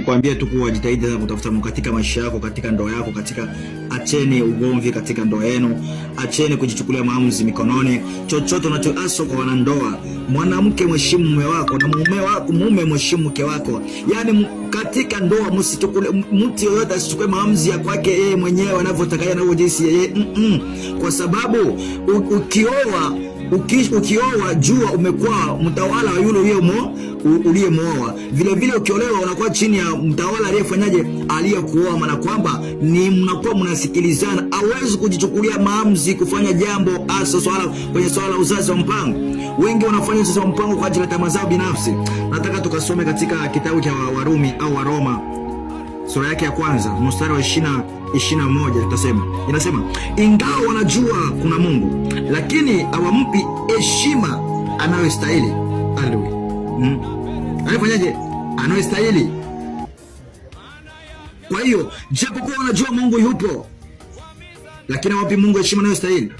kuambia tu kuwa jitahidi sana kutafuta Mungu katika maisha yako, katika ndoa yako, katika acheni ugomvi katika ndoa yenu, acheni kujichukulia maamuzi mikononi. Chochote unachoaswa kwa wanandoa, mwanamke mheshimu mume wako na mume wako, mume mheshimu mke wako. Yani katika ndoa msichukule mtu yoyote asichukue maamuzi ya kwake yeye mwenyewe anavyotaka yeye na jinsi yeye mm -mm. kwa sababu ukioa ukioa, jua umekuwa mtawala wa yule yule uliyemwoa. Vile vile ukiolewa unakuwa chini ya mtawala aliyefanyaje, aliyekuoa. Maana kwamba ni mnakuwa mnasikilizana, hawezi kujichukulia maamuzi kufanya jambo, hasa swala kwenye swala la uzazi wa mpango. Wengi wanafanya uzazi wa mpango kwa ajili ya tamaa zao binafsi. Nataka tukasome katika kitabu cha Warumi au Waroma sura yake ya kwanza mstari wa 21 moja tutasema, inasema ingawa wanajua kuna Mungu lakini hawampi heshima anayostahili. Haleluya. Mm. anafanyaje? Anaostahili. Kwa hiyo japokuwa wanajua Mungu yupo, lakini awapi Mungu heshima anayostahili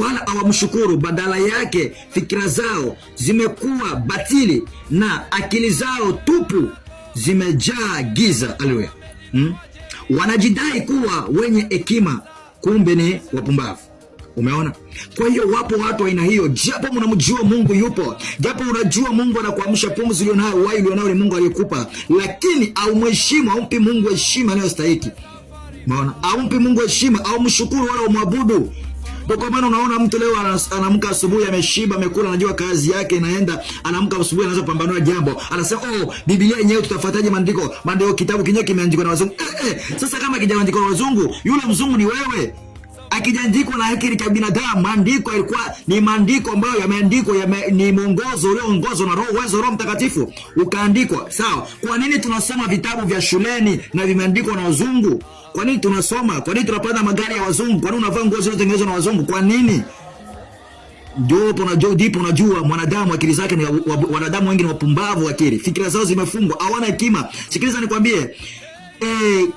wala awamshukuru Badala yake fikira zao zimekuwa batili na akili zao tupu zimejaa giza. Haleluya! hmm? Wanajidai kuwa wenye hekima, kumbe ni wapumbavu. Umeona? Kwa hiyo wapo watu aina hiyo, japo mnamjua Mungu yupo, japo unajua Mungu anakuamsha pumzi ulionayo, uhai ulionayo ni Mungu aliyekupa, lakini haumheshimu, haumpi Mungu heshima anayostahili. Umeona? Haumpi Mungu heshima, haumshukuru wala umwabudu. Kwa maana unaona mtu leo anaamka asubuhi ameshiba, amekula, anajua kazi yake inaenda, anaamka asubuhi anaanza kupambanua jambo. Anasema, "Oh, Biblia yenyewe tutafuataje maandiko? Maandiko kitabu kinyewe kimeandikwa na wazungu." Eh, eh. Sasa kama kijaandikwa na wazungu, yule mzungu ni wewe akijaandikwa na haki cha binadamu. Maandiko yalikuwa ni maandiko ambayo yameandikwa yame, ni mwongozo ulioongozwa na roho uwezo Roho Mtakatifu ukaandikwa. Sawa, kwa nini tunasoma vitabu vya shuleni na vimeandikwa na wazungu? Kwa nini tunasoma? Kwa nini tunapanda magari ya wazungu? Kwa nini unavaa nguo zilizotengenezwa na wazungu? Kwa nini? Ndipo na unajua mwanadamu akili zake ni wanadamu wengi ni wapumbavu, akili fikira zao zimefungwa, hawana hekima. Sikiliza nikwambie e,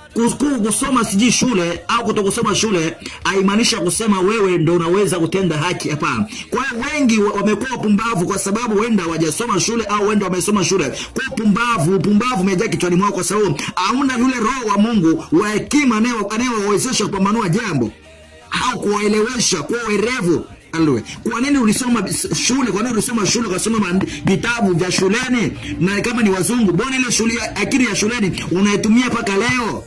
kusoma sijui shule au kutokusoma shule haimaanishi kusema wewe ndo unaweza kutenda haki. Hapana. Kwa hiyo wengi wamekuwa wapumbavu kwa sababu wenda wajasoma shule au wenda wamesoma shule. Kwa hiyo pumbavu, upumbavu umejaa kichwani mwako kwa sababu hauna yule roho wa Mungu wa hekima anayewawezesha kupambanua jambo au kuwaelewesha kuwa kwa Alwe. Kwa nini ulisoma shule? Kwa nini ulisoma shule? Ukasoma vitabu vya shuleni, na kama ni wazungu, bona ile shule, akili ya shuleni unaitumia mpaka leo.